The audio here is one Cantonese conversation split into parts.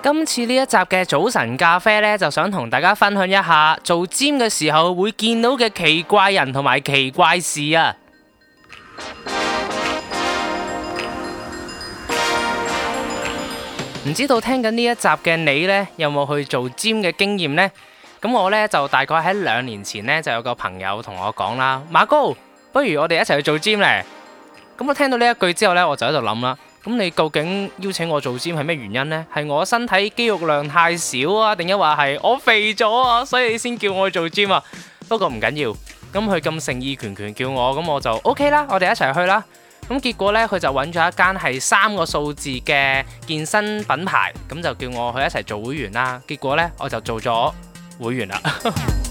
今次呢一集嘅早晨咖啡呢，就想同大家分享一下做 Gym 嘅時候會見到嘅奇怪人同埋奇怪事啊！唔 知道聽緊呢一集嘅你呢，有冇去做 Gym 嘅經驗呢？咁我呢，就大概喺兩年前呢，就有個朋友同我講啦，馬高，不如我哋一齊去做 Gym 咧？咁我聽到呢一句之後呢，我就喺度諗啦。咁你究竟邀請我做 gym 係咩原因呢？係我身體肌肉量太少啊，定抑或係我肥咗啊，所以先叫我去做 gym 啊？不過唔緊要，咁佢咁誠意拳拳叫我，咁我就 OK 啦，我哋一齊去啦。咁結果呢，佢就揾咗一間係三個數字嘅健身品牌，咁就叫我去一齊做會員啦。結果呢，我就做咗會員啦。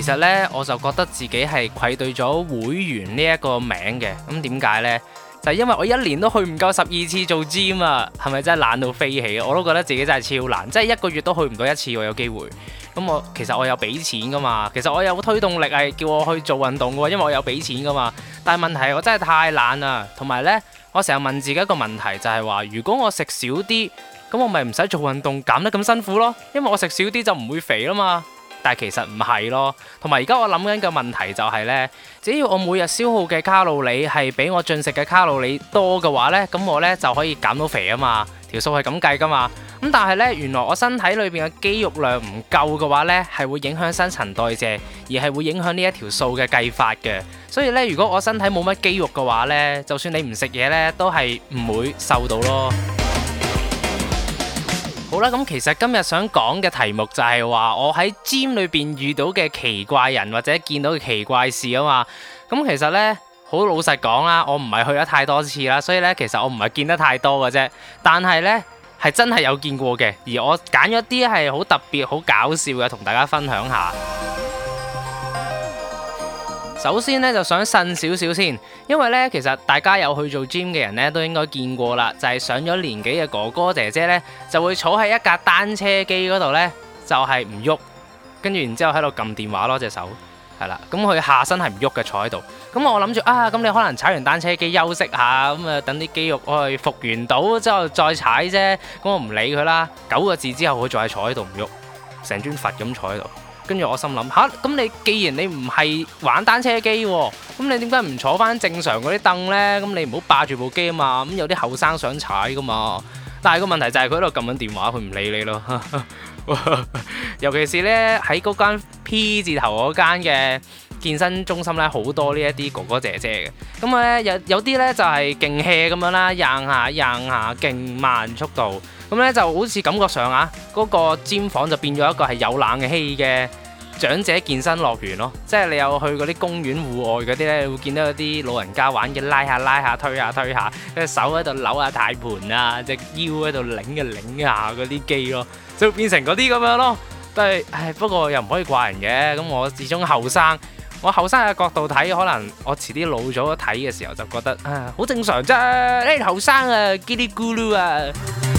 其實呢，我就覺得自己係愧對咗會員呢一個名嘅。咁點解呢？就係因為我一年都去唔夠十二次做 gym 啊，係咪真係懶到飛起？我都覺得自己真係超懶，即係一個月都去唔到一次。有機會，咁我其實我有俾錢噶嘛，其實我有推動力係叫我去做運動嘅，因為我有俾錢噶嘛。但係問題我真係太懶啦，同埋呢，我成日問自己一個問題，就係話如果我食少啲，咁我咪唔使做運動減得咁辛苦咯？因為我食少啲就唔會肥啊嘛。但其實唔係咯，同埋而家我諗緊個問題就係呢：只要我每日消耗嘅卡路里係比我進食嘅卡路里多嘅話呢，咁我呢就可以減到肥啊嘛，條數係咁計噶嘛。咁但係呢，原來我身體裏邊嘅肌肉量唔夠嘅話呢係會影響新陳代謝，而係會影響呢一條數嘅計法嘅。所以呢，如果我身體冇乜肌肉嘅話呢，就算你唔食嘢呢都係唔會瘦到咯。好啦，咁其實今日想講嘅題目就係話我喺 gym 裏邊遇到嘅奇怪人或者見到嘅奇怪事啊嘛。咁、嗯、其實呢，好老實講啦，我唔係去咗太多次啦，所以呢，其實我唔係見得太多嘅啫。但係呢，係真係有見過嘅，而我揀咗啲係好特別、好搞笑嘅，同大家分享下。首先呢，就想呻少少先，因為呢，其實大家有去做 gym 嘅人呢，都應該見過啦，就係上咗年紀嘅哥哥姐姐呢，就會坐喺一架單車機嗰度呢，就係唔喐，跟住然之後喺度撳電話咯隻手，係啦，咁佢下身係唔喐嘅坐喺度，咁我諗住啊，咁你可能踩完單車機休息下，咁啊等啲肌肉去復原到之後再踩啫，咁我唔理佢啦。九個字之後佢再坐喺度唔喐，成尊佛咁坐喺度。跟住我心諗吓，咁你既然你唔係玩單車機喎，啊，咁你點解唔坐返正常嗰啲凳呢？咁你唔好霸住部機啊嘛！咁有啲後生想踩㗎嘛。但係個問題就係佢喺度撳緊電話，佢唔理你咯。 尤其是呢，喺嗰間 P 字頭嗰間嘅，健身中心咧，好多呢一啲哥哥姐姐嘅，咁咧有有啲咧就係勁 hea 咁樣啦，硬下硬下，勁慢速度，咁咧就好似感覺上啊，嗰個 gym 房就變咗一個係有冷氣嘅長者健身樂園咯，即係你有去嗰啲公園戶外嗰啲咧，會見到有啲老人家玩嘅拉下拉下，推下推下，隻手喺度扭下大盤啊，隻腰喺度擰嘅擰下嗰啲機咯，就變成嗰啲咁樣咯，但係唉不過又唔可以怪人嘅，咁我始終後生。我後生嘅角度睇，可能我遲啲老咗睇嘅時候就覺得唉啊，好正常啫。你後生啊，嘰里咕嚕啊！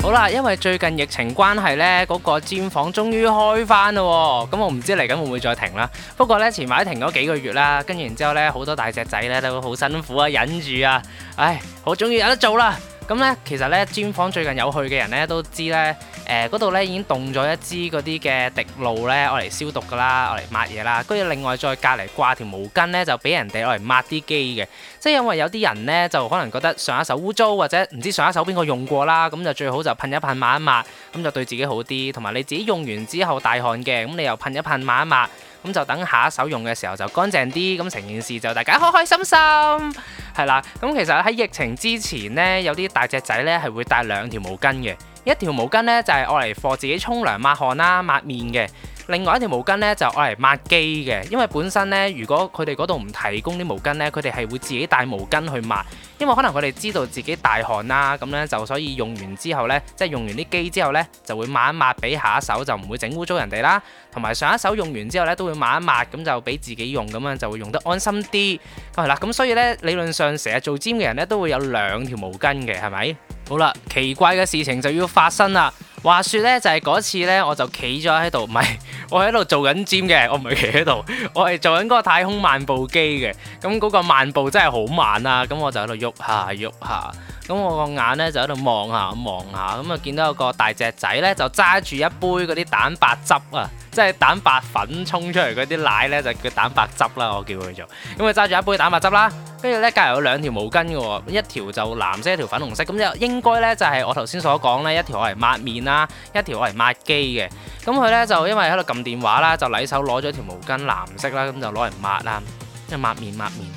好啦，因為最近疫情關係呢，嗰、那個 gym 房終於開翻啦、哦，咁、嗯、我唔知嚟緊會唔會再停啦。不過呢，前排停咗幾個月啦，跟住然之後呢，好多大隻仔呢都好辛苦啊，忍住啊，唉，我終於有得做啦！咁咧、嗯，其實咧專訪最近有去嘅人咧，都知咧，誒嗰度咧已經凍咗一支嗰啲嘅滴露咧，我嚟消毒㗎啦，我嚟抹嘢啦。跟住另外再隔離掛條毛巾咧，就俾人哋攞嚟抹啲機嘅。即係因為有啲人咧，就可能覺得上一手污糟，或者唔知上一手邊個用過啦，咁就最好就噴一噴抹一抹，咁就對自己好啲。同埋你自己用完之後大汗嘅，咁你又噴一噴抹一抹，抹。咁就等下一手用嘅時候就乾淨啲，咁成件事就大家開開心心，係啦。咁其實喺疫情之前呢，有啲大隻仔呢係會帶兩條毛巾嘅，一條毛巾呢，就係用嚟幫自己沖涼抹汗啦、抹面嘅。另外一條毛巾呢，就愛嚟抹機嘅，因為本身呢，如果佢哋嗰度唔提供啲毛巾呢，佢哋係會自己帶毛巾去抹，因為可能佢哋知道自己大汗啊咁呢，就所以用完之後呢，即係用完啲機之後呢，就會抹一抹俾下一手，就唔會整污糟人哋啦。同埋上一手用完之後呢，都會抹一抹咁就俾自己用咁啊，就會用得安心啲啊啦。咁所以呢，理論上成日做 Gym 嘅人呢，都會有兩條毛巾嘅，係咪？好啦，奇怪嘅事情就要發生啦。話説呢，就係、是、嗰次呢，我就企咗喺度，唔係，我喺度做緊尖嘅，我唔係企喺度，我係做緊嗰個太空漫步機嘅。咁嗰個漫步真係好慢啦，啊，咁我就喺度喐下喐下。咁我個眼咧就喺度望下望下，咁啊見到個大隻仔咧就揸住一杯嗰啲蛋白汁啊，即係蛋白粉沖出嚟嗰啲奶咧就叫蛋白汁啦，我叫佢做。咁佢揸住一杯蛋白汁啦，跟住咧隔籬有兩條毛巾嘅喎，一條就藍色，一條粉紅色。咁就應該咧就係我頭先所講咧，一條攞嚟抹面啦，一條攞嚟抹機嘅。咁佢咧就因為喺度撳電話啦，就禮手攞咗條毛巾藍色啦，咁就攞嚟抹啦，即係抹面抹面。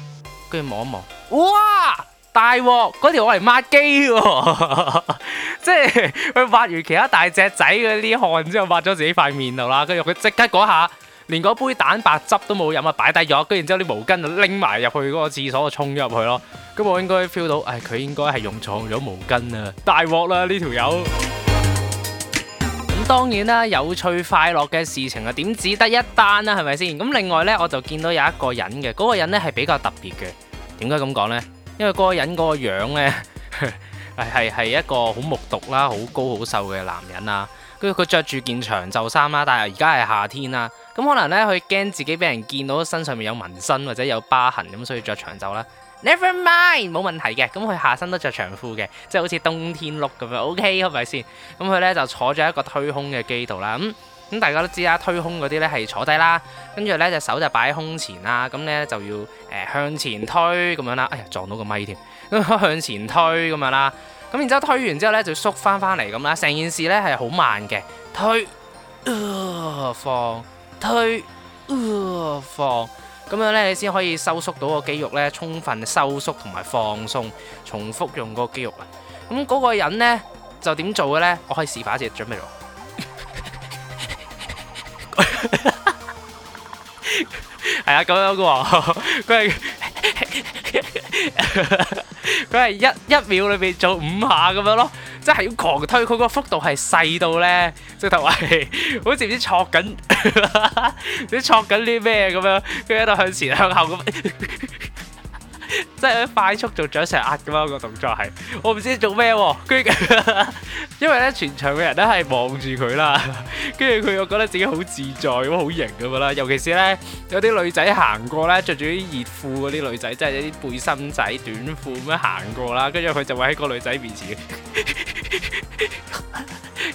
跟住望一望，哇！大鑊嗰條我係抹機喎， 即係佢抹完其他大隻仔嗰啲汗之後，抹咗自己塊面度啦。跟住佢即刻嗰下，連嗰杯蛋白汁都冇飲啊，擺低咗。跟住之後啲毛巾就拎埋入去嗰個廁所，就沖咗入去咯。咁我應該 feel 到，誒、哎、佢應該係用錯咗毛巾啊，大鑊啦呢條友。咁當然啦，有趣快樂嘅事情啊，點止得一單啊？係咪先？咁另外呢，我就見到有一個人嘅，嗰個人呢係比較特別嘅。點解咁講呢？因為嗰個人嗰個樣咧係係一個好木獨啦，好高好瘦嘅男人啊。跟住佢着住件長袖衫啦，但係而家係夏天啦，咁、嗯、可能呢，佢驚自己俾人見到身上面有紋身或者有疤痕咁，所以着長袖啦。Never mind，冇問題嘅，咁佢下身都着長褲嘅，即係好似冬天碌咁樣，OK 係咪先？咁、嗯、佢呢就坐咗一個推胸嘅機度啦，咁、嗯。咁大家都知啦，推胸嗰啲咧係坐低啦，跟住咧隻手就擺喺胸前啦，咁咧就要誒向前推咁樣啦，哎呀撞到個咪添，向前推咁樣啦，咁、哎、然之後推完之後咧就縮翻翻嚟咁啦，成件事咧係好慢嘅，推、呃，放，推，呃、放，咁樣咧你先可以收縮到個肌肉咧，充分收縮同埋放鬆，重複用嗰個肌肉啊。咁嗰個人咧就點做嘅咧？我可以示範一隻，準備落。係啊，咁 樣噶喎，佢係佢係一一秒裏邊做五下咁樣咯，即係要狂推，佢個幅度係細到咧，直頭係 好似唔知踩緊，唔知踩緊啲咩咁樣，佢喺度向前向後咁。 即係快速做掌上壓咁樣個動作係，我唔知做咩啊。跟住因為咧全場嘅人都係望住佢啦，跟住佢又覺得自己好自在咁好型咁啦，尤其是咧有啲女仔行過咧着住啲熱褲嗰啲女仔，即係有啲背心仔短褲咁樣行過啦，跟住佢就會喺個女仔面前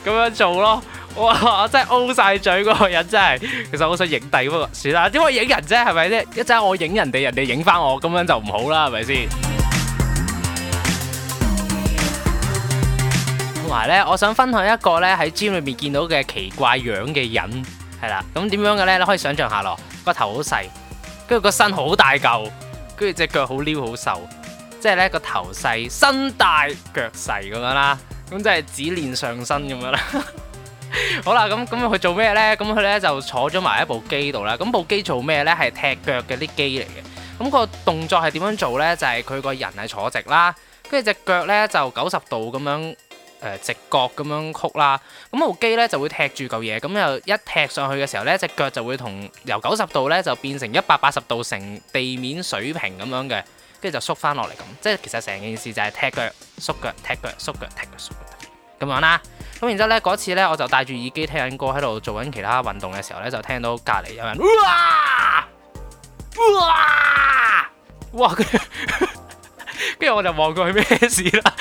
咁樣做咯。哇！我真係 O 曬嘴，嗰個人真係。其實我想影帝，不過算啦，點可以影人啫？係咪先，一陣我影人哋，人哋影翻我，咁樣就唔好啦，係咪先？同埋呢，我想分享一個呢，喺 Gym 裏面見到嘅奇怪樣嘅人係啦。咁點樣嘅呢？你可以想象下咯，個頭好細，跟住個身好大嚿，跟住隻腳好溜好瘦，即係呢個頭細身大腳細咁樣啦。咁即係只練上身咁樣啦。呵呵 好啦，咁咁佢做咩呢？咁佢呢就坐咗埋一部機度啦。咁部機做咩呢？係踢腳嘅啲機嚟嘅。咁、個動作係點樣做呢？就係佢個人係坐直啦，跟住隻腳呢就九十度咁樣、呃、直角咁樣曲啦。咁部機呢就會踢住嚿嘢，咁又一踢上去嘅時候呢，隻腳就會同由九十度呢就變成一百八十度成地面水平咁樣嘅，跟住就縮翻落嚟咁。即係其實成件事就係踢腳縮腳踢腳縮腳踢腳縮腳咁樣啦。咁然之後呢，嗰次呢，我就戴住耳機聽緊歌，喺度做緊其他運動嘅時候呢，就聽到隔離有人哇哇哇 跟住我就望過去咩事啦？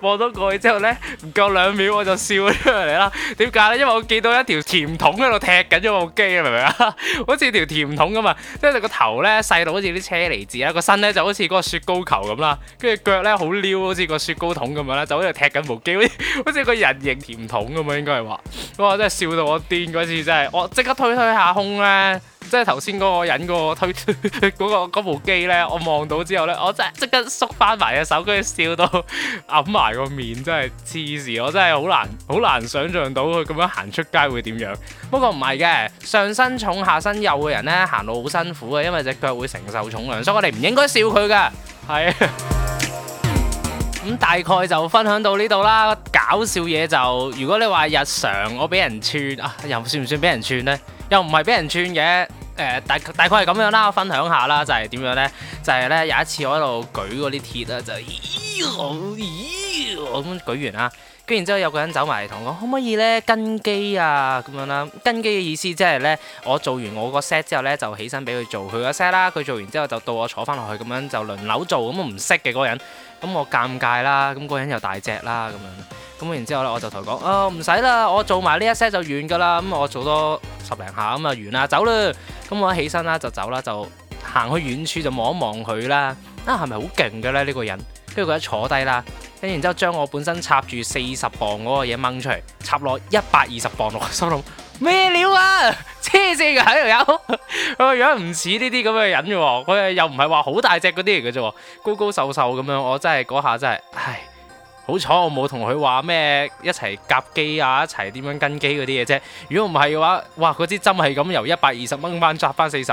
望到過去之後咧，唔夠兩秒我就笑咗出嚟啦。點解咧？因為我見到一條甜筒喺度踢緊咗部機，明唔明啊？ 好似條甜筒咁啊，即係個頭咧細到好似啲車厘子啦，個身咧就好似嗰個雪糕球咁啦，跟住腳咧好溜，好似個雪糕筒咁樣啦，就好似踢緊部機， 好似好似個人形甜筒咁啊，應該係話。哇！真係笑到我癲嗰次真係，我即刻推推下胸啦～即係頭先嗰個人、 嗰個推嗰部機呢，我望到之後呢，我真係即刻縮翻埋隻手，跟住笑到揞埋 個面，真係黐線！我真係好難好難想像到佢咁樣行出街會點樣。不過唔係嘅，上身重下身幼嘅人呢，行路好辛苦嘅，因為隻腳會承受重量，所以我哋唔應該笑佢嘅。係啊，咁大概就分享到呢度啦。搞笑嘢就係、如果你話日常我，我俾人串啊，又算唔算俾人串呢？又唔係俾人串嘅。誒大大概係咁樣啦，分享下啦，就係點樣呢？就係、是、呢，有一次我喺度舉嗰啲鐵啦，就咦哦咦哦咁舉完啊！跟然之後有個人走埋嚟同我講，可唔可以咧跟機啊咁樣啦？跟機嘅、啊、意思即係咧，我做完我個 set 之後咧就起身俾佢做佢個 set 啦。佢做完之後就到我坐翻落去咁樣就輪流做，咁我唔識嘅嗰個人，咁我尷尬啦。咁、嗰、嗰個人又大隻啦咁樣。咁然之後咧我就同佢講哦，唔使啦，我做埋呢一 set 就完噶啦。咁我做多十零下咁就完啦，走啦。咁我一起身啦就走啦，就行去遠處就望一望佢啦。啊係咪好勁嘅咧呢、呢個人？跟住佢一坐低啦。跟然之後將我本身插住四十磅嗰個嘢掹出嚟，插落一百二十磅度，心諗咩料啊？黐線嘅喺度有，佢、個樣、 又唔似呢啲咁嘅人嘅，佢又唔係話好大隻嗰啲嚟嘅啫，高高瘦瘦咁樣，我真係嗰下真係，唉，好彩我冇同佢話咩一齊夾機啊，一齊點樣跟機嗰啲嘢啫。如果唔係嘅話，哇，嗰支針係咁由一百二十掹翻，扎翻四十。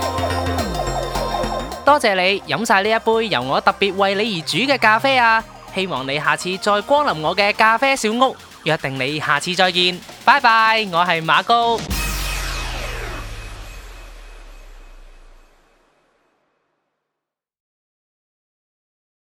多謝你飲晒呢一杯由我特別為你而煮嘅咖啡啊！希望你下次再光臨我嘅咖啡小屋，約定你下次再見，拜拜！我係馬高。